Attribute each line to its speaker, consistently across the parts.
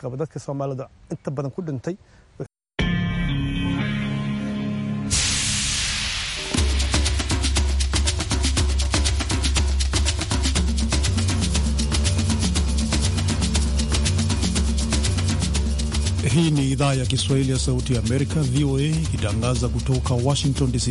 Speaker 1: qaba dadka Soomaalida inta badan ku dhintay Hii ni idhaa ya Kiswahili ya Sauti ya Amerika, VOA, ikitangaza kutoka Washington DC.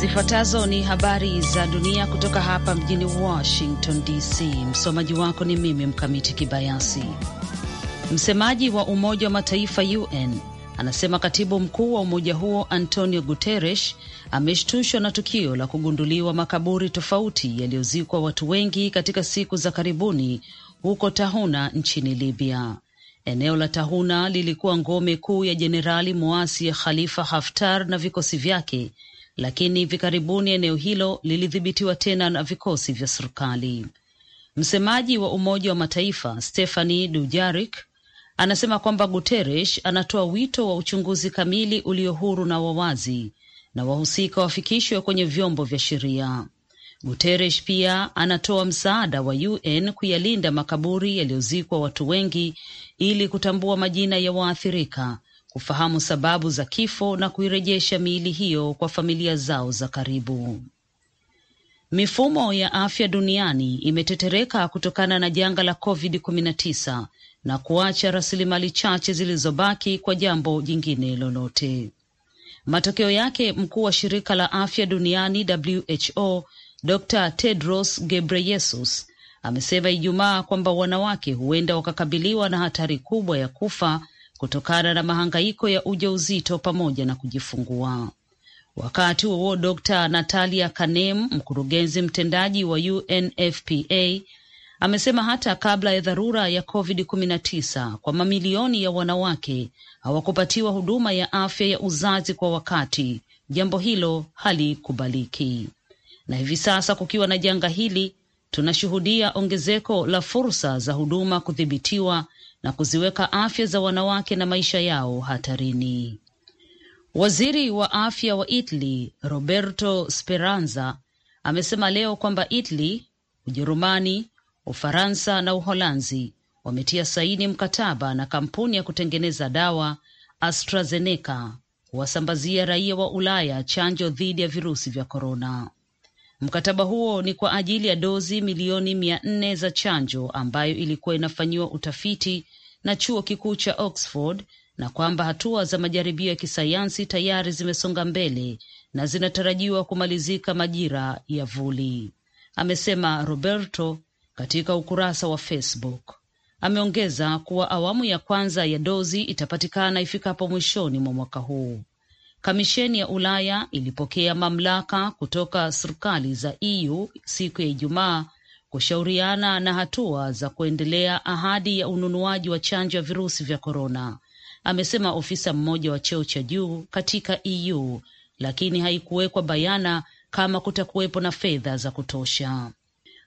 Speaker 2: Zifuatazo ni habari za dunia kutoka hapa mjini Washington DC. Msomaji wako ni mimi Mkamiti Kibayasi. Msemaji wa Umoja wa Mataifa UN anasema katibu mkuu wa umoja huo Antonio Guterres ameshtushwa na tukio la kugunduliwa makaburi tofauti yaliyozikwa watu wengi katika siku za karibuni huko Tahuna nchini Libya. Eneo la Tahuna lilikuwa ngome kuu ya jenerali moasi ya Khalifa Haftar na vikosi vyake lakini hivi karibuni eneo hilo lilidhibitiwa tena na vikosi vya serikali. Msemaji wa Umoja wa Mataifa Stephani Dujarik anasema kwamba Guterres anatoa wito wa uchunguzi kamili ulio huru na wawazi na wahusika wafikishwe kwenye vyombo vya sheria. Guterres pia anatoa msaada wa UN kuyalinda makaburi yaliyozikwa watu wengi ili kutambua majina ya waathirika kufahamu sababu za kifo na kuirejesha miili hiyo kwa familia zao za karibu. Mifumo ya afya duniani imetetereka kutokana na janga la COVID-19 na kuacha rasilimali chache zilizobaki kwa jambo jingine lolote. Matokeo yake, mkuu wa shirika la afya duniani WHO Dr Tedros Gebreyesus amesema Ijumaa kwamba wanawake huenda wakakabiliwa na hatari kubwa ya kufa kutokana na mahangaiko ya ujauzito pamoja na kujifungua. Wakati huo Dr. Natalia Kanem, mkurugenzi mtendaji wa UNFPA, amesema hata kabla ya dharura ya COVID-19 kwa mamilioni ya wanawake hawakupatiwa huduma ya afya ya uzazi kwa wakati, jambo hilo halikubaliki. Na hivi sasa kukiwa na janga hili, tunashuhudia ongezeko la fursa za huduma kudhibitiwa na kuziweka afya za wanawake na maisha yao hatarini. Waziri wa afya wa Italy Roberto Speranza amesema leo kwamba Italy, Ujerumani, Ufaransa na Uholanzi wametia saini mkataba na kampuni ya kutengeneza dawa AstraZeneca kuwasambazia raia wa Ulaya chanjo dhidi ya virusi vya korona. Mkataba huo ni kwa ajili ya dozi milioni mia nne za chanjo ambayo ilikuwa inafanyiwa utafiti na chuo kikuu cha Oxford na kwamba hatua za majaribio ya kisayansi tayari zimesonga mbele na zinatarajiwa kumalizika majira ya vuli, amesema Roberto katika ukurasa wa Facebook. Ameongeza kuwa awamu ya kwanza ya dozi itapatikana ifikapo mwishoni mwa mwaka huu. Kamisheni ya Ulaya ilipokea mamlaka kutoka serikali za EU siku ya Ijumaa kushauriana na hatua za kuendelea ahadi ya ununuaji wa chanjo ya virusi vya korona, amesema ofisa mmoja wa cheo cha juu katika EU, lakini haikuwekwa bayana kama kutakuwepo na fedha za kutosha.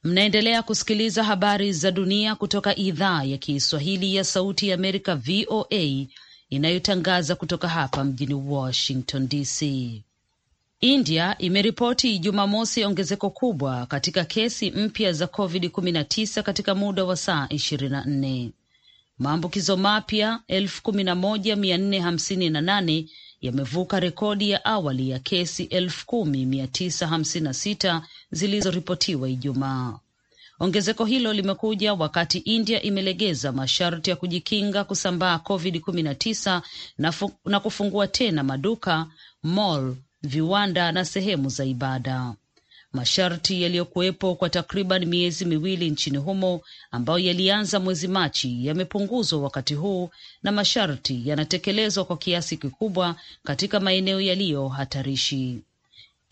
Speaker 2: Mnaendelea kusikiliza habari za dunia kutoka idhaa ya Kiswahili ya Sauti ya Amerika, VOA, inayotangaza kutoka hapa mjini Washington DC. India imeripoti Jumamosi ongezeko kubwa katika kesi mpya za COVID-19 katika muda wa saa 24. Maambukizo mapya 11458 yamevuka rekodi ya awali ya kesi 10956 zilizoripotiwa Ijumaa. Ongezeko hilo limekuja wakati India imelegeza masharti ya kujikinga kusambaa COVID-19 na, na kufungua tena maduka, mall, viwanda na sehemu za ibada. Masharti yaliyokuwepo kwa takriban miezi miwili nchini humo ambayo yalianza mwezi Machi yamepunguzwa wakati huu, na masharti yanatekelezwa kwa kiasi kikubwa katika maeneo yaliyo hatarishi.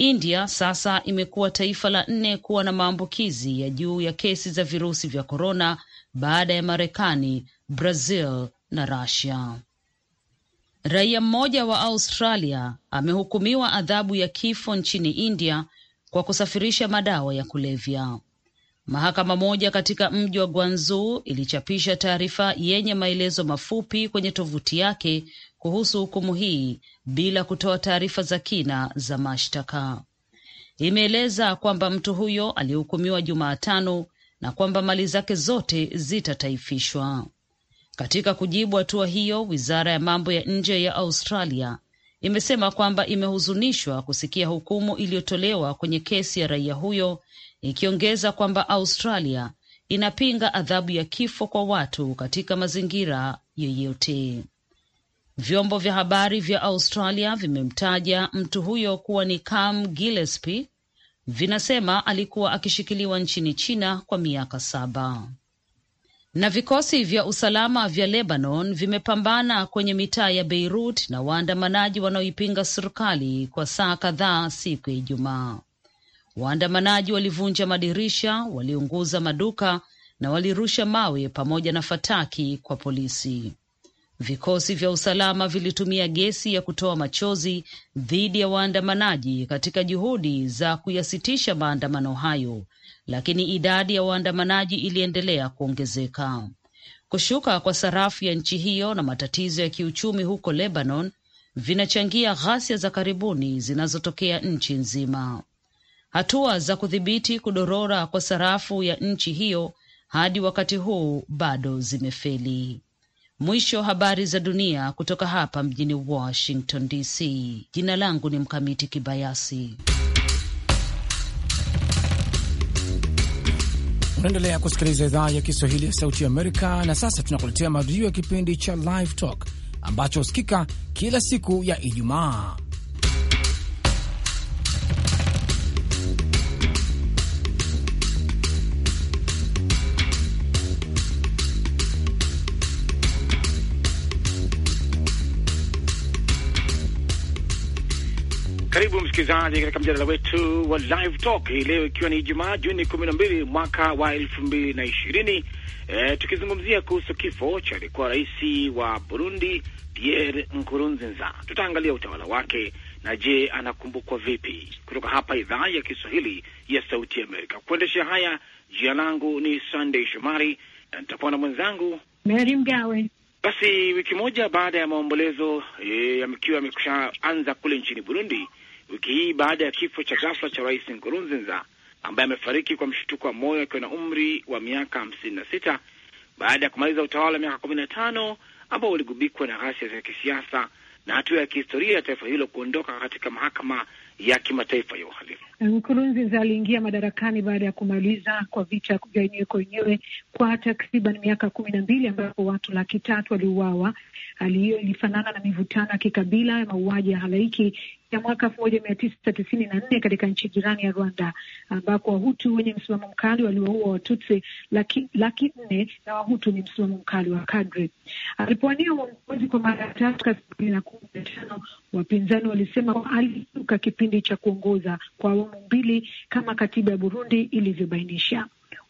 Speaker 2: India sasa imekuwa taifa la nne kuwa na maambukizi ya juu ya kesi za virusi vya korona baada ya Marekani, Brazil na Rusia. Raia mmoja wa Australia amehukumiwa adhabu ya kifo nchini India kwa kusafirisha madawa ya kulevya. Mahakama moja katika mji wa Guangzhou ilichapisha taarifa yenye maelezo mafupi kwenye tovuti yake kuhusu hukumu hii bila kutoa taarifa za kina za mashtaka. Imeeleza kwamba mtu huyo alihukumiwa Jumatano na kwamba mali zake zote zitataifishwa. Katika kujibu hatua hiyo, wizara ya mambo ya nje ya Australia imesema kwamba imehuzunishwa kusikia hukumu iliyotolewa kwenye kesi ya raia huyo ikiongeza kwamba Australia inapinga adhabu ya kifo kwa watu katika mazingira yoyote. Vyombo vya habari vya Australia vimemtaja mtu huyo kuwa ni Cam Gillespie, vinasema alikuwa akishikiliwa nchini China kwa miaka saba. Na vikosi vya usalama vya Lebanon vimepambana kwenye mitaa ya Beirut na waandamanaji wanaoipinga serikali kwa saa kadhaa siku ya Ijumaa. Waandamanaji walivunja madirisha, waliunguza maduka na walirusha mawe pamoja na fataki kwa polisi. Vikosi vya usalama vilitumia gesi ya kutoa machozi dhidi ya waandamanaji katika juhudi za kuyasitisha maandamano hayo, lakini idadi ya waandamanaji iliendelea kuongezeka. Kushuka kwa sarafu ya nchi hiyo na matatizo ya kiuchumi huko Lebanon vinachangia ghasia za karibuni zinazotokea nchi nzima. Hatua za kudhibiti kudorora kwa sarafu ya nchi hiyo hadi wakati huu bado zimefeli. Mwisho habari za dunia kutoka hapa mjini Washington DC. Jina langu ni Mkamiti Kibayasi.
Speaker 3: Unaendelea kusikiliza idhaa ya Kiswahili ya Sauti Amerika, na sasa tunakuletea marudio ya kipindi cha Live Talk ambacho husikika kila siku ya Ijumaa Karibu msikilizaji katika mjadala wetu wa Live Talk hii leo, ikiwa ni Ijumaa Juni kumi na mbili mwaka wa elfu mbili na ishirini e, tukizungumzia kuhusu kifo cha alikuwa rais wa Burundi Pierre Nkurunziza. Tutaangalia utawala wake na je, anakumbukwa vipi? Kutoka hapa idhaa ya Kiswahili ya Sauti ya Amerika. Kuendesha haya, jina langu ni Sunday Shomari na nitakuwa na mwenzangu
Speaker 4: Mary Mgawe.
Speaker 3: Basi wiki moja baada ya maombolezo e, yakiwa yamekusha anza kule nchini Burundi, wiki hii baada ya kifo cha ghafla cha Rais Nkurunziza ambaye amefariki kwa mshtuko wa moyo akiwa na umri wa miaka hamsini na sita baada ya kumaliza utawala wa miaka kumi na tano ambao uligubikwa na ghasia za kisiasa na hatua ya kihistoria ya taifa hilo kuondoka katika mahakama ya kimataifa ya uhalifu.
Speaker 4: Nkurunziza aliingia madarakani baada ya kumaliza kwa vita vya wenyewe kwa wenyewe kwa takriban miaka kumi na mbili ambapo watu laki tatu waliuawa. Hali hiyo ilifanana na mivutano ya kikabila ya mauaji ya halaiki ya mwaka elfu moja mia tisa tisini na nne katika nchi jirani ya Rwanda, ambapo Wahutu wenye msimamo mkali waliwaua Watutsi laki, laki nne na Wahutu wenye msimamo mkali wa kadri. Alipoania uongozi kwa mara ya tatu elfu mbili na kumi na tano wapinzani walisema alisuka kipindi cha kuongoza kwa awamu mbili kama katiba ya Burundi ilivyobainisha.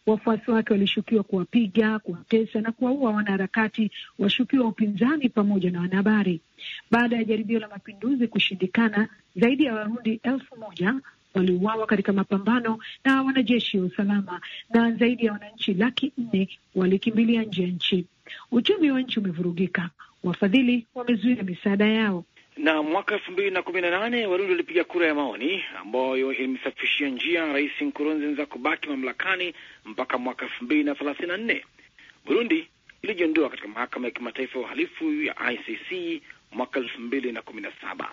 Speaker 4: Wafuasi wake walishukiwa kuwapiga, kuwatesa na kuwaua wanaharakati, washukiwa upinzani pamoja na wanahabari. Baada ya jaribio la mapinduzi kushindikana, zaidi ya Warundi elfu moja waliuawa katika mapambano na wanajeshi wa usalama na zaidi ya wananchi laki nne walikimbilia nje ya nchi. Uchumi wa nchi umevurugika, wafadhili wamezuia misaada yao,
Speaker 3: na mwaka elfu mbili na kumi na nane Warundi walipiga kura ya maoni ambayo ilimsafishia njia Rais Nkurunziza kubaki mamlakani mpaka mwaka elfu mbili na thelathini na nne. Burundi ilijiondoa katika mahakama ya kimataifa ya uhalifu ya ICC mwaka elfu mbili na kumi na saba.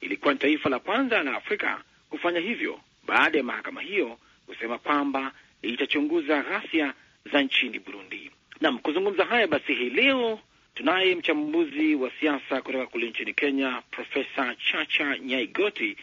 Speaker 3: Ilikuwa ni taifa la kwanza la Afrika kufanya hivyo baada ya mahakama hiyo kusema kwamba itachunguza ghasia za nchini Burundi. Nam, kuzungumza haya basi, hii leo Tunaye mchambuzi wa siasa kutoka kule nchini Kenya, Profesa Chacha Nyaigoti.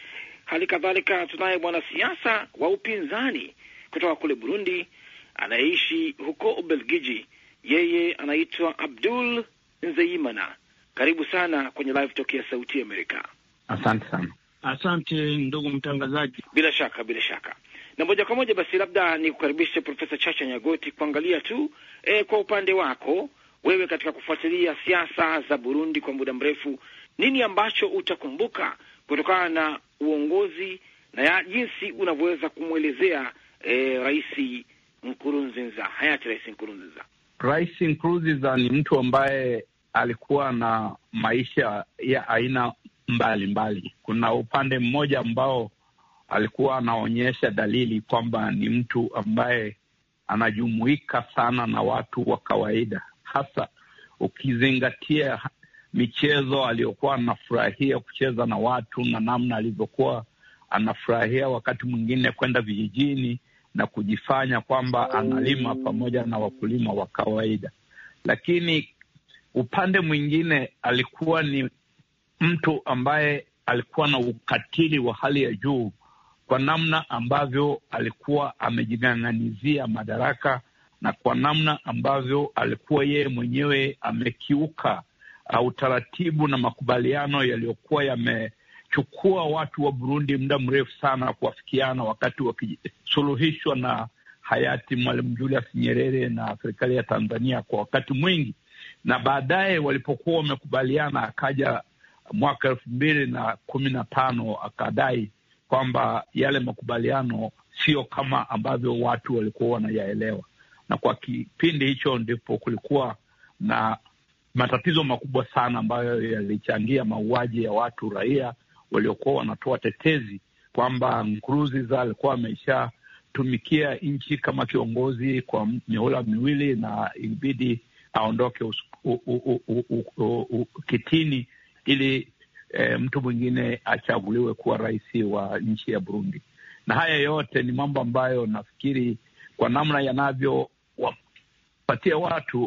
Speaker 3: Hali kadhalika tunaye mwanasiasa wa upinzani kutoka kule Burundi anayeishi huko Ubelgiji, yeye anaitwa Abdul Nzeimana. Karibu sana kwenye Live Talk ya Sauti ya Amerika. Asante sana. Asante ndugu mtangazaji. Bila shaka, bila shaka. Na moja kwa moja basi, labda nikukaribishe Profesa Chacha Nyagoti kuangalia tu e, kwa upande wako wewe katika kufuatilia siasa za Burundi kwa muda mrefu, nini ambacho utakumbuka kutokana na uongozi na ya jinsi unavyoweza kumwelezea e, Rais Nkurunziza, hayati Rais Nkurunziza?
Speaker 5: Rais Nkurunziza ni mtu ambaye alikuwa na maisha ya aina mbalimbali mbali. Kuna upande mmoja ambao alikuwa anaonyesha dalili kwamba ni mtu ambaye anajumuika sana na watu wa kawaida hasa ukizingatia michezo aliyokuwa anafurahia kucheza na watu na namna alivyokuwa anafurahia wakati mwingine kwenda vijijini na kujifanya kwamba analima pamoja na wakulima wa kawaida. Lakini upande mwingine, alikuwa ni mtu ambaye alikuwa na ukatili wa hali ya juu kwa namna ambavyo alikuwa amejing'ang'anizia madaraka na kwa namna ambavyo alikuwa yeye mwenyewe amekiuka uh, utaratibu na makubaliano yaliyokuwa yamechukua watu wa Burundi muda mrefu sana kuwafikiana wakati wakisuluhishwa na hayati Mwalimu Julius Nyerere na serikali ya Tanzania kwa wakati mwingi, na baadaye walipokuwa wamekubaliana, akaja mwaka elfu mbili na kumi na tano akadai kwamba yale makubaliano sio kama ambavyo watu walikuwa wanayaelewa na kwa kipindi hicho ndipo kulikuwa na matatizo makubwa sana ambayo yalichangia mauaji ya watu raia waliokuwa wanatoa tetezi kwamba Nkurunziza alikuwa ameshatumikia nchi kama kiongozi kwa mihula miwili na ilibidi aondoke kitini ili e, mtu mwingine achaguliwe kuwa rais wa nchi ya Burundi. Na haya yote ni mambo ambayo nafikiri kwa namna yanavyo kupatia watu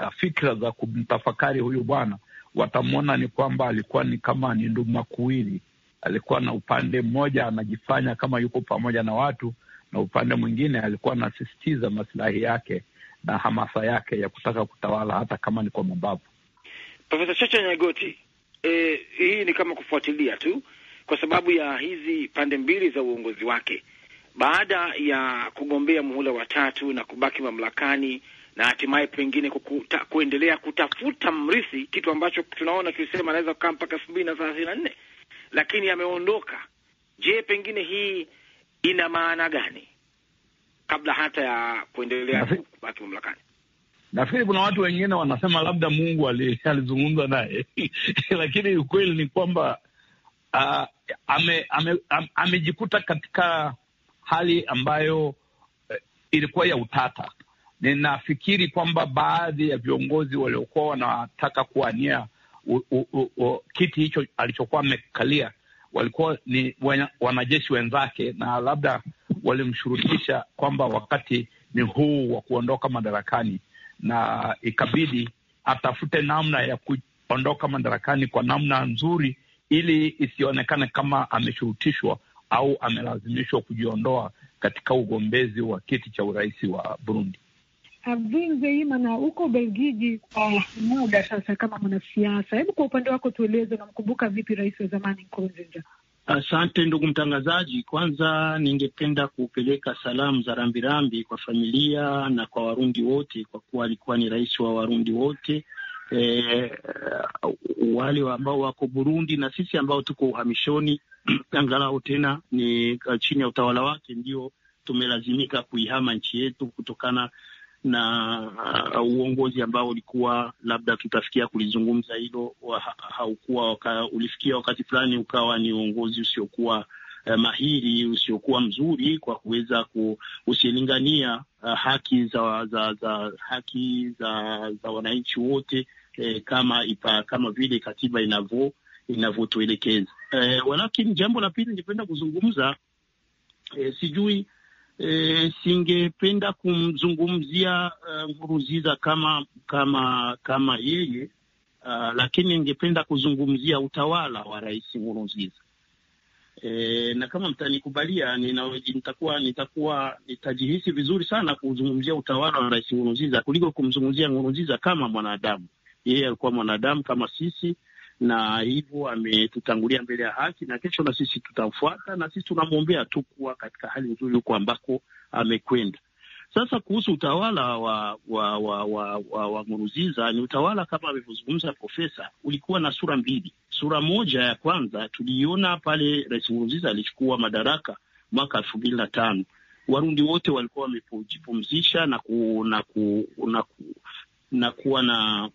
Speaker 5: uh, fikra za kumtafakari huyu bwana, watamwona ni kwamba alikuwa ni kama ni nduma kuwili. Alikuwa na upande mmoja anajifanya kama yuko pamoja na watu, na upande mwingine alikuwa anasisitiza masilahi yake na hamasa yake ya kutaka kutawala hata kama ni kwa mabavu.
Speaker 3: Profesa Chacha Nyagoti, eh, hii ni kama kufuatilia tu kwa sababu ya hizi pande mbili za uongozi wake baada ya kugombea muhula wa tatu na kubaki mamlakani na hatimaye pengine kukuta, kuendelea kutafuta mrithi, kitu ambacho tunaona tulisema anaweza kukaa mpaka elfu mbili na thelathini na nne lakini ameondoka. Je, pengine hii ina maana gani kabla hata ya kuendelea kubaki mamlakani?
Speaker 5: Nafikiri kuna watu wengine wanasema labda Mungu alizungumza naye lakini ukweli ni kwamba uh, ah, amejikuta ame, ame katika hali ambayo eh, ilikuwa ya utata. Ninafikiri kwamba baadhi ya viongozi waliokuwa wanataka kuwania kiti hicho alichokuwa amekalia walikuwa ni wanajeshi wenzake, na labda walimshurutisha kwamba wakati ni huu wa kuondoka madarakani, na ikabidi atafute namna ya kuondoka madarakani kwa namna nzuri, ili isionekane kama ameshurutishwa au amelazimishwa kujiondoa katika ugombezi wa kiti cha urais wa Burundi.
Speaker 4: zeimana huko Belgiji kwa muda sasa kama mwanasiasa, hebu kwa upande wako tueleze, unamkumbuka vipi rais wa zamani Nkurunziza?
Speaker 6: Asante ndugu mtangazaji, kwanza ningependa kupeleka salamu za rambirambi kwa familia na kwa Warundi wote, kwa kuwa alikuwa ni rais wa Warundi wote e, wale ambao wako Burundi na sisi ambao tuko uhamishoni angalau tena ni uh, chini ya utawala wake, ndio tumelazimika kuihama nchi yetu kutokana na uh, uongozi ambao ulikuwa labda tutafikia kulizungumza hilo ha, haukuwa waka, ulifikia wakati fulani ukawa ni uongozi usiokuwa uh, mahiri usiokuwa mzuri kwa kuweza usilingania uh, haki za, za, za haki za, za wananchi wote e, kama ipa, kama vile katiba inavyo inavyotuelekeza e, walakini jambo la pili ningependa kuzungumza e, sijui e, singependa kumzungumzia Nguruziza uh, kama kama kama yeye uh, lakini ningependa kuzungumzia utawala wa Rais Nguruziza. E, na kama mtanikubalia nitakuwa nitakuwa nitajihisi vizuri sana kuzungumzia utawala wa Rais Nkurunziza kuliko kumzungumzia Nkurunziza kama mwanadamu. Yeye alikuwa mwanadamu kama sisi, na hivyo ametutangulia mbele ya haki, na kesho na sisi tutamfuata, na sisi tunamwombea tu kuwa katika hali nzuri huko ambako amekwenda. Sasa kuhusu utawala wa wa wa wa, wa, wa Nguruziza, ni utawala kama alivyozungumza profesa, ulikuwa na sura mbili. Sura moja ya kwanza tuliiona pale Rais muruziza alichukua madaraka mwaka elfu mbili na tano Warundi wote walikuwa wamejipumzisha na ku, na ku, na ku, na kuwa na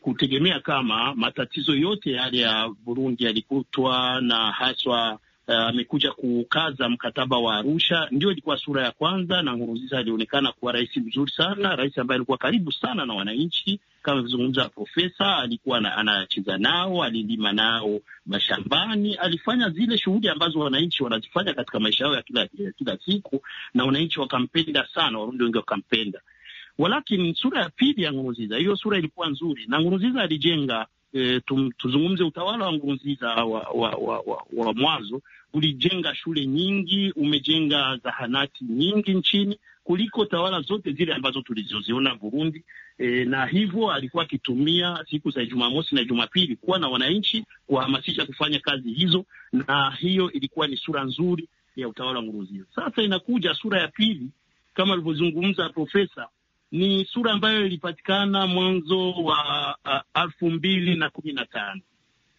Speaker 6: kutegemea kama matatizo yote yale ya Burundi yalikutwa na haswa eh, amekuja uh, kukaza mkataba wa Arusha. Ndio ilikuwa sura ya kwanza, na Nkurunziza alionekana kuwa rais mzuri sana, rais ambaye alikuwa karibu sana na wananchi kama alivyozungumza profesa, alikuwa na, anacheza nao, alilima nao mashambani, alifanya zile shughuli ambazo wananchi wanazifanya katika maisha yao ya kila, kila siku, na wananchi wakampenda sana, Warundi wengi wakampenda. Walakini sura ya pili ya ngurunziza hiyo sura ilikuwa nzuri, na ngurunziza alijenga E, tum, tuzungumze utawala wa ngurunziza wa, wa, wa, wa, wa mwanzo ulijenga shule nyingi, umejenga zahanati nyingi nchini kuliko tawala zote zile ambazo tulizoziona Burundi. E, na hivyo alikuwa akitumia siku za Jumamosi na Jumapili kuwa na wananchi, kuwahamasisha kufanya kazi hizo, na hiyo ilikuwa ni sura nzuri ya utawala wa ngurunziza Sasa inakuja sura ya pili kama alivyozungumza profesa ni sura ambayo ilipatikana mwanzo wa elfu mbili na kumi na tano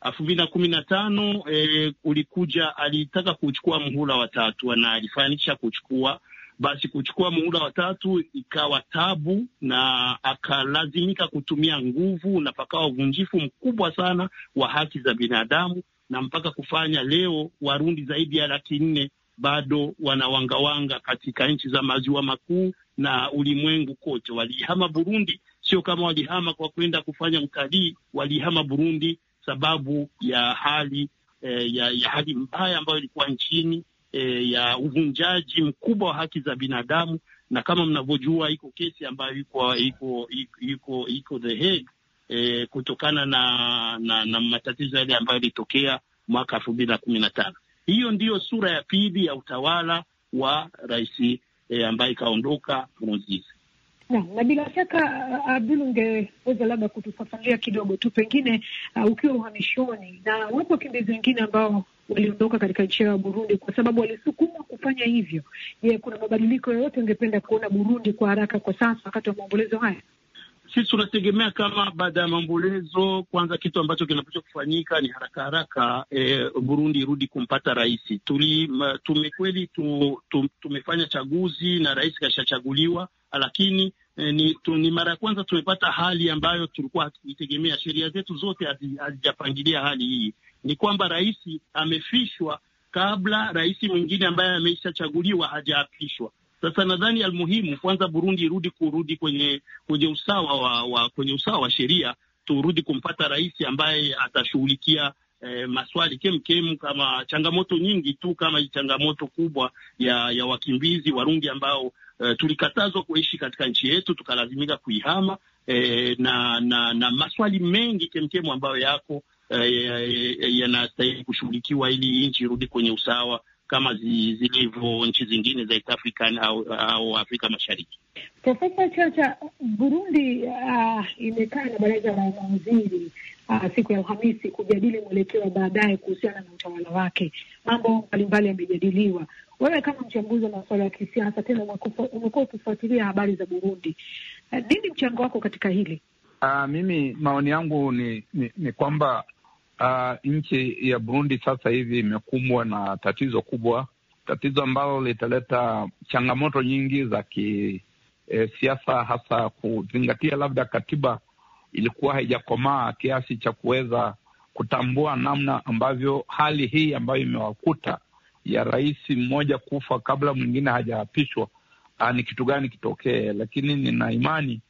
Speaker 6: elfu mbili na kumi na tano e, ulikuja alitaka kuchukua muhula watatu na alifanikisha kuchukua basi kuchukua muhula watatu ikawa tabu, na akalazimika kutumia nguvu, na pakawa uvunjifu mkubwa sana wa haki za binadamu, na mpaka kufanya leo Warundi zaidi ya laki nne bado wanawangawanga katika nchi za maziwa makuu na ulimwengu kote. Walihama Burundi, sio kama walihama kwa kwenda kufanya utalii, walihama Burundi sababu ya hali eh, ya, ya hali mbaya ambayo ilikuwa nchini eh, ya uvunjaji mkubwa wa haki za binadamu, na kama mnavyojua iko kesi ambayo iko iko iko iko The Hague eh, kutokana na, na, na matatizo yale ambayo yalitokea mwaka elfu mbili na kumi na tano. Hiyo ndiyo sura ya pili ya utawala wa Rais e, ambaye ikaondoka Nkurunziza.
Speaker 4: Na, na bila shaka uh, Abdul, ungeweza labda kutufafanulia kidogo tu pengine, uh, ukiwa uhamishoni na wapo wakimbizi wengine ambao waliondoka katika nchi yao ya Burundi kwa sababu walisukumwa kufanya hivyo. Je, kuna mabadiliko yoyote ungependa kuona Burundi kwa haraka kwa sasa wakati wa maombolezo haya?
Speaker 6: sisi tunategemea kama baada ya maombolezo, kwanza kitu ambacho kinapaswa kufanyika ni haraka haraka, e, Burundi irudi kumpata rais. Tumekweli tu, tu, tumefanya chaguzi na rais kashachaguliwa, lakini e, ni, tu, ni mara ya kwanza tumepata hali ambayo tulikuwa hatukuitegemea. Sheria zetu zote hazijapangilia hali hii, ni kwamba rais amefishwa kabla rais mwingine ambaye ameishachaguliwa hajaapishwa sasa nadhani almuhimu kwanza Burundi irudi kurudi kwenye kwenye usawa wa, wa kwenye usawa wa sheria, turudi kumpata rais ambaye atashughulikia eh, maswali kemkem kama changamoto nyingi tu kama changamoto kubwa ya ya wakimbizi Warundi ambao eh, tulikatazwa kuishi katika nchi yetu tukalazimika kuihama eh, na, na na maswali mengi kemkem ambayo yako yanastahili eh, ya, ya kushughulikiwa ili nchi irudi kwenye usawa kama zilivyo nchi zingine za East African au, au Afrika Mashariki.
Speaker 4: Profesa Chacha, Burundi uh, imekaa na baraza la mawaziri uh, siku ya Alhamisi kujadili mwelekeo wa baadaye kuhusiana na utawala wake. Mambo mbalimbali yamejadiliwa. Wewe kama mchambuzi wa masuala ya kisiasa, tena umekuwa ukifuatilia habari za Burundi, ah, nini uh, mchango wako katika hili?
Speaker 5: Uh, mimi maoni yangu ni, ni, ni kwamba uh, nchi ya Burundi sasa hivi imekumbwa na tatizo kubwa, tatizo ambalo litaleta changamoto nyingi za kisiasa, e, hasa kuzingatia labda katiba ilikuwa haijakomaa kiasi cha kuweza kutambua namna ambavyo hali hii ambayo imewakuta ya rais mmoja kufa kabla mwingine hajaapishwa ah, ni kitu gani kitokee, lakini nina imani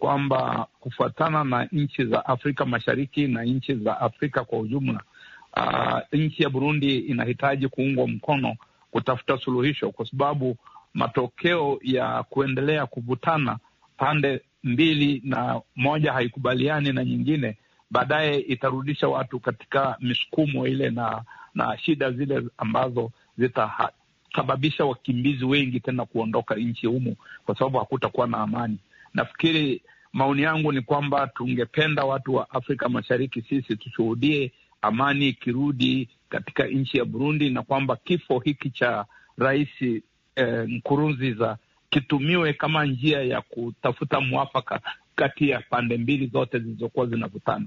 Speaker 5: kwamba kufuatana na nchi za Afrika Mashariki na nchi za Afrika kwa ujumla, uh, nchi ya Burundi inahitaji kuungwa mkono kutafuta suluhisho, kwa sababu matokeo ya kuendelea kuvutana pande mbili na moja haikubaliani na nyingine, baadaye itarudisha watu katika misukumo ile na na shida zile ambazo zitasababisha wakimbizi wengi tena kuondoka nchi humu, kwa sababu hakutakuwa na amani. Nafikiri maoni yangu ni kwamba tungependa watu wa Afrika Mashariki sisi tushuhudie amani ikirudi katika nchi ya Burundi, na kwamba kifo hiki cha rais eh, Nkurunziza kitumiwe kama njia ya kutafuta mwafaka kati ya pande mbili zote zilizokuwa zinavutana.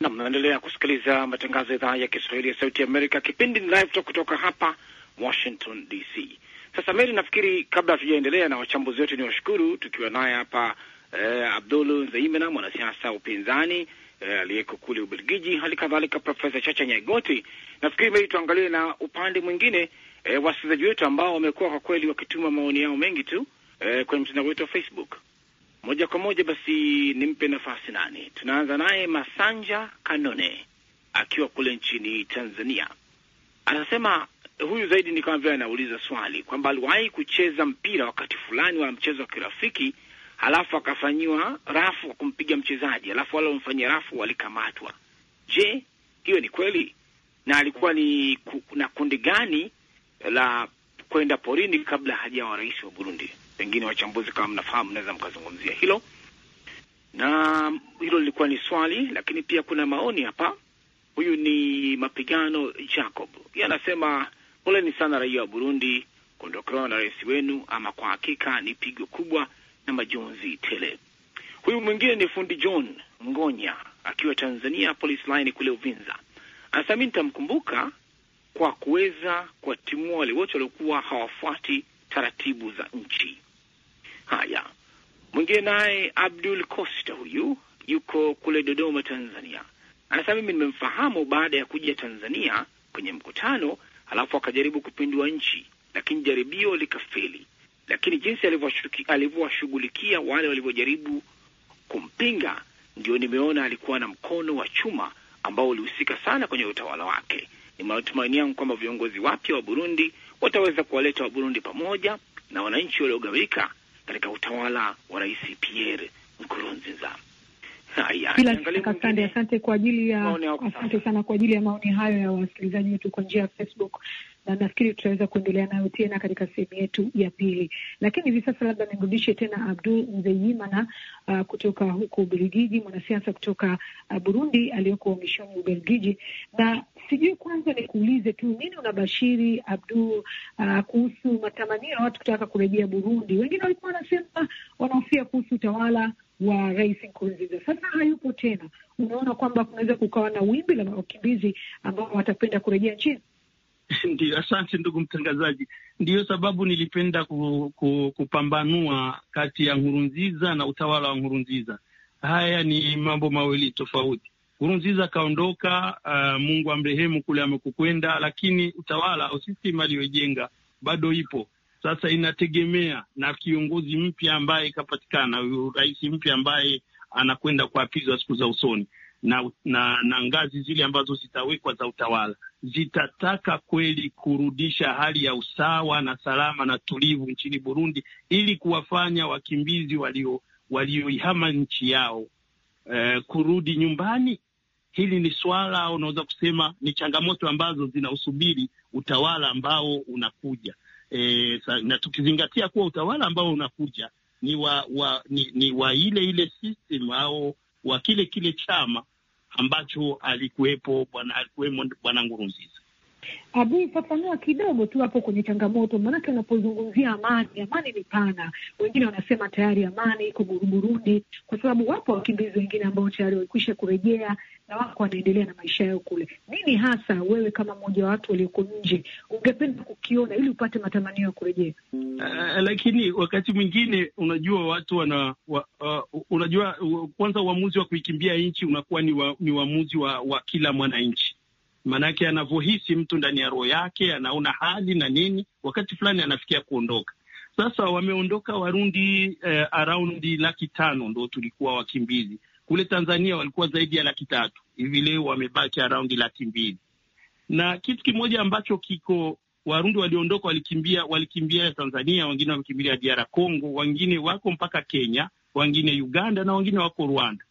Speaker 3: Nam, naendelea kusikiliza matangazo ya idhaa ya Kiswahili ya Sauti ya Amerika, kipindi Live Talk kutoka hapa Washington DC. Sasa Meri, nafikiri kabla hatujaendelea na wachambuzi wetu, ni washukuru tukiwa naye hapa eh, Abdul Zaimena, mwanasiasa wa upinzani eh, aliyeko kule Ubelgiji, hali kadhalika Profesa Chacha Nyagoti. Nafikiri Meri, tuangalie na upande mwingine eh, wasikilizaji wetu ambao wamekuwa kwa kweli wakituma maoni yao mengi tu eh, kwenye mtandao wetu wa Facebook. Moja kwa moja basi nimpe nafasi nani? Tunaanza naye Masanja Kanone akiwa kule nchini Tanzania, anasema huyu zaidi ni kama vile anauliza swali kwamba aliwahi kucheza mpira wakati fulani wa mchezo wa kirafiki, halafu akafanyiwa rafu kwa kumpiga mchezaji, halafu wale wamfanyia rafu walikamatwa. Je, hiyo ni kweli? Na alikuwa ni na kundi gani la kwenda porini kabla hajawa rais wa Burundi? Pengine wachambuzi kama mnafahamu, naweza mkazungumzia hilo, na hilo lilikuwa ni swali, lakini pia kuna maoni hapa. Huyu ni mapigano Jacob, yeye anasema poleni sana raia wa Burundi kuondokewa na rais wenu, ama kwa hakika ni pigo kubwa na majonzi tele. Huyu mwingine ni fundi John Ngonya akiwa Tanzania Police Line kule Uvinza, anasema mi nitamkumbuka kwa kuweza kuwatimua wale wote waliokuwa hawafuati taratibu za nchi. Haya, mwingine naye Abdul Costa, huyu yuko kule Dodoma, Tanzania, anasema mimi nimemfahamu baada ya kuja Tanzania kwenye mkutano halafu akajaribu kupindua nchi, lakini jaribio likafeli. Lakini jinsi alivyowashughulikia wale walivyojaribu kumpinga, ndio nimeona alikuwa na mkono wa chuma ambao ulihusika sana kwenye utawala wake. Ni matumaini yangu kwamba viongozi wapya wa Burundi wataweza kuwaleta wa burundi pamoja na wananchi waliogawika katika utawala wa Rais Pierre Nkurunziza. Asante,
Speaker 4: asante kwa ajili ya asante sana kwa ajili ya maoni hayo ya wasikilizaji wetu kwa njia ya Facebook, na nafikiri tutaweza kuendelea nayo tena katika sehemu yetu ya pili, lakini hivi sasa labda nimrudishe tena Abdul Mzeyimana uh, kutoka huko Ubelgiji, mwanasiasa kutoka uh, Burundi aliyoko uhamishoni Ubelgiji. Na sijui kwanza nikuulize tu nini unabashiri Abdul, uh, kuhusu matamanio ya watu kutaka kurejea Burundi? Wengine walikuwa wanasema wanahofia kuhusu utawala wa Rais Nkurunziza. Sasa hayupo tena, unaona kwamba kunaweza kukawa na wimbi la wakimbizi ambao watapenda kurejea nchini.
Speaker 6: Ndio, asante ndugu mtangazaji. Ndiyo sababu nilipenda ku, ku, kupambanua kati ya Nkurunziza na utawala wa Nkurunziza. Haya ni mambo mawili tofauti. Nkurunziza akaondoka, uh, Mungu amrehemu kule amekukwenda lakini utawala au system aliyojenga bado ipo. Sasa inategemea na kiongozi mpya ambaye ikapatikana, rais mpya ambaye anakwenda kuapizwa siku za usoni na, na, na ngazi zile ambazo zitawekwa za utawala zitataka kweli kurudisha hali ya usawa na salama na tulivu nchini Burundi ili kuwafanya wakimbizi walio walioihama nchi yao eh, kurudi nyumbani. Hili ni swala, unaweza kusema ni changamoto ambazo zinausubiri utawala ambao unakuja e, na tukizingatia kuwa utawala ambao unakuja ni wa, wa ni, ni wa ile ile system au wa kile kile chama ambacho alikuwepo bwana alikuwemo bwana
Speaker 4: Abu, fafanua kidogo tu hapo kwenye changamoto, maanake unapozungumzia amani, amani ni pana. Wengine wanasema tayari amani iko Burundi, kwa sababu wapo wakimbizi wengine ambao tayari walikwisha kurejea na wako wanaendelea na maisha yao kule. Nini hasa wewe kama mmoja wa watu walioko nje ungependa kukiona ili upate matamanio ya kurejea?
Speaker 6: Uh, lakini wakati mwingine unajua watu wana wa, uh, unajua kwanza uamuzi wa kuikimbia nchi unakuwa ni uamuzi wa, ni wa, wa kila mwananchi maanake anavyohisi mtu ndani ya roho yake, anaona hali na nini, wakati fulani anafikia kuondoka. Sasa wameondoka Warundi eh, araundi laki tano ndo tulikuwa wakimbizi kule Tanzania walikuwa zaidi ya laki tatu hivi leo wamebaki araundi laki mbili na kitu kimoja ambacho kiko Warundi waliondoka walikimbia walikimbia Tanzania, wengine wamekimbilia DR Congo, wengine wako mpaka Kenya, wengine Uganda na wengine wako Rwanda.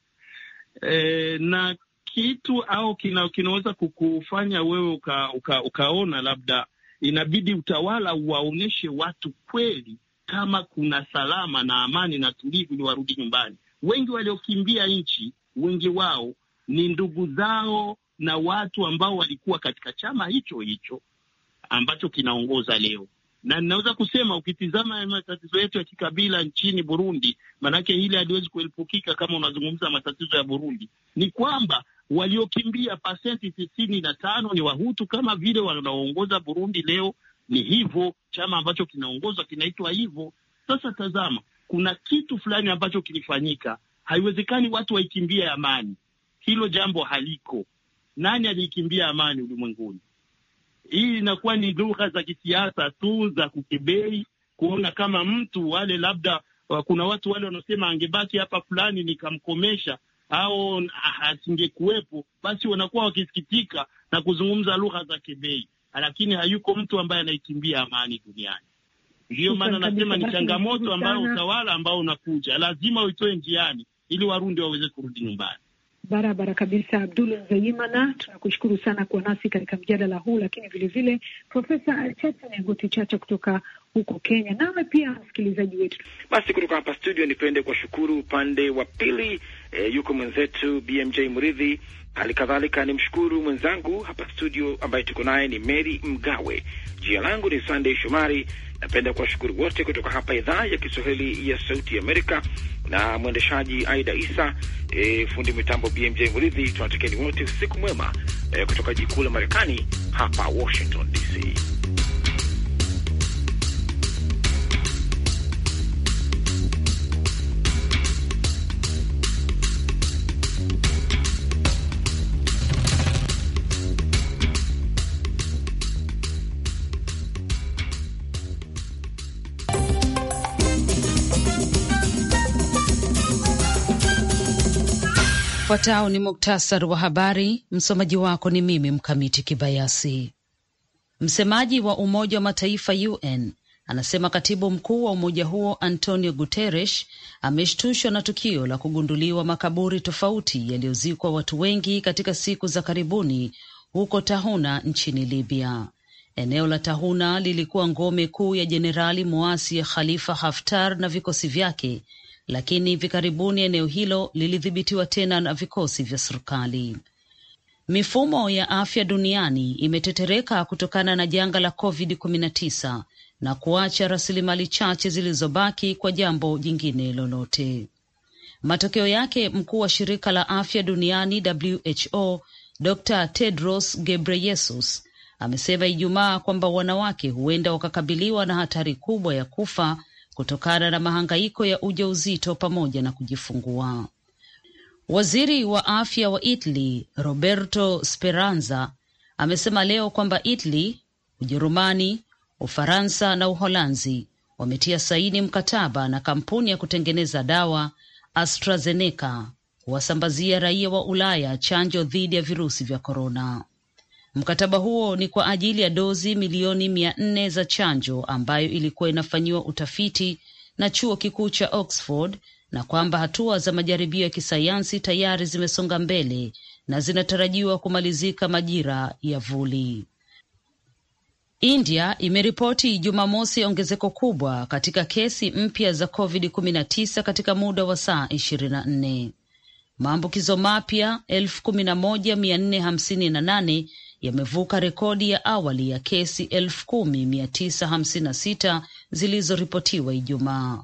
Speaker 6: E, na kitu au kina, kinaweza kukufanya wewe uka, uka, ukaona labda inabidi utawala uwaonyeshe watu kweli kama kuna salama na amani na tulivu, ni warudi nyumbani. Wengi waliokimbia nchi, wengi wao ni ndugu zao na watu ambao walikuwa katika chama hicho hicho ambacho kinaongoza leo, na ninaweza kusema ukitizama matatizo yetu ya kikabila nchini Burundi, maanake hili haliwezi kuepukika. Kama unazungumza matatizo ya Burundi, ni kwamba waliokimbia pasenti tisini na tano ni Wahutu, kama vile wanaoongoza Burundi leo ni hivyo. Chama ambacho kinaongozwa kinaitwa hivyo. Sasa tazama, kuna kitu fulani ambacho kilifanyika. Haiwezekani watu waikimbie amani, hilo jambo haliko. Nani aliikimbia amani ulimwenguni? Hii inakuwa ni lugha za kisiasa tu za kukebei, kuona kama mtu wale labda kuna watu wale wanaosema angebaki hapa fulani nikamkomesha, au asingekuwepo, basi wanakuwa wakisikitika na kuzungumza lugha za kebei, lakini hayuko mtu ambaye anaikimbia amani duniani. Ndiyo maana nasema ni changamoto ambayo utawala ambao unakuja lazima uitoe njiani, ili Warundi waweze kurudi nyumbani
Speaker 4: barabara kabisa. Abdul nzeimana tunakushukuru sana kuwa nasi katika mjadala huu, lakini vilevile Profesa Chacha Nyaigoti Chacha kutoka huko Kenya, nawe pia msikilizaji wetu.
Speaker 3: Basi kutoka hapa studio, nipende kuwashukuru upande wa pili e, yuko mwenzetu BMJ Mridhi, hali kadhalika ni mshukuru mwenzangu hapa studio ambaye tuko naye ni Mary Mgawe. Jina langu ni Sunday Shomari. Napenda kuwashukuru wote kutoka hapa idhaa ya Kiswahili ya Sauti Amerika na mwendeshaji Aida Isa, e, fundi mitambo BMJ Muridhi. Tunatekeni wote usiku mwema, e, kutoka jikuu la Marekani hapa Washington DC.
Speaker 2: Ufuatao ni muktasari wa habari. Msomaji wako ni mimi Mkamiti Kibayasi. Msemaji wa Umoja wa Mataifa UN anasema katibu mkuu wa umoja huo Antonio Guterres ameshtushwa na tukio la kugunduliwa makaburi tofauti yaliyozikwa watu wengi katika siku za karibuni huko Tahuna nchini Libya. Eneo la Tahuna lilikuwa ngome kuu ya jenerali muasi Khalifa Haftar na vikosi vyake lakini hivi karibuni eneo hilo lilidhibitiwa tena na vikosi vya serikali. Mifumo ya afya duniani imetetereka kutokana na janga la COVID-19 na kuacha rasilimali chache zilizobaki kwa jambo jingine lolote. Matokeo yake, mkuu wa shirika la afya duniani WHO Dr Tedros Gebreyesus amesema Ijumaa kwamba wanawake huenda wakakabiliwa na hatari kubwa ya kufa kutokana na mahangaiko ya ujauzito pamoja na kujifungua. Waziri wa afya wa Italy Roberto Speranza amesema leo kwamba Italy, Ujerumani, Ufaransa na Uholanzi wametia saini mkataba na kampuni ya kutengeneza dawa AstraZeneca kuwasambazia raia wa Ulaya chanjo dhidi ya virusi vya korona. Mkataba huo ni kwa ajili ya dozi milioni mia nne za chanjo ambayo ilikuwa inafanyiwa utafiti na chuo kikuu cha Oxford na kwamba hatua za majaribio ya kisayansi tayari zimesonga mbele na zinatarajiwa kumalizika majira ya vuli. India imeripoti Jumamosi ongezeko kubwa katika kesi mpya za COVID-19 katika muda wa saa 24. Maambukizo mapya yamevuka rekodi ya awali ya kesi elfu kumi mia tisa hamsini na sita zilizoripotiwa Ijumaa.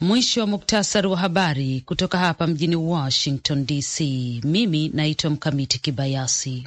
Speaker 2: Mwisho wa muktasari wa habari kutoka hapa mjini Washington DC. Mimi naitwa Mkamiti Kibayasi.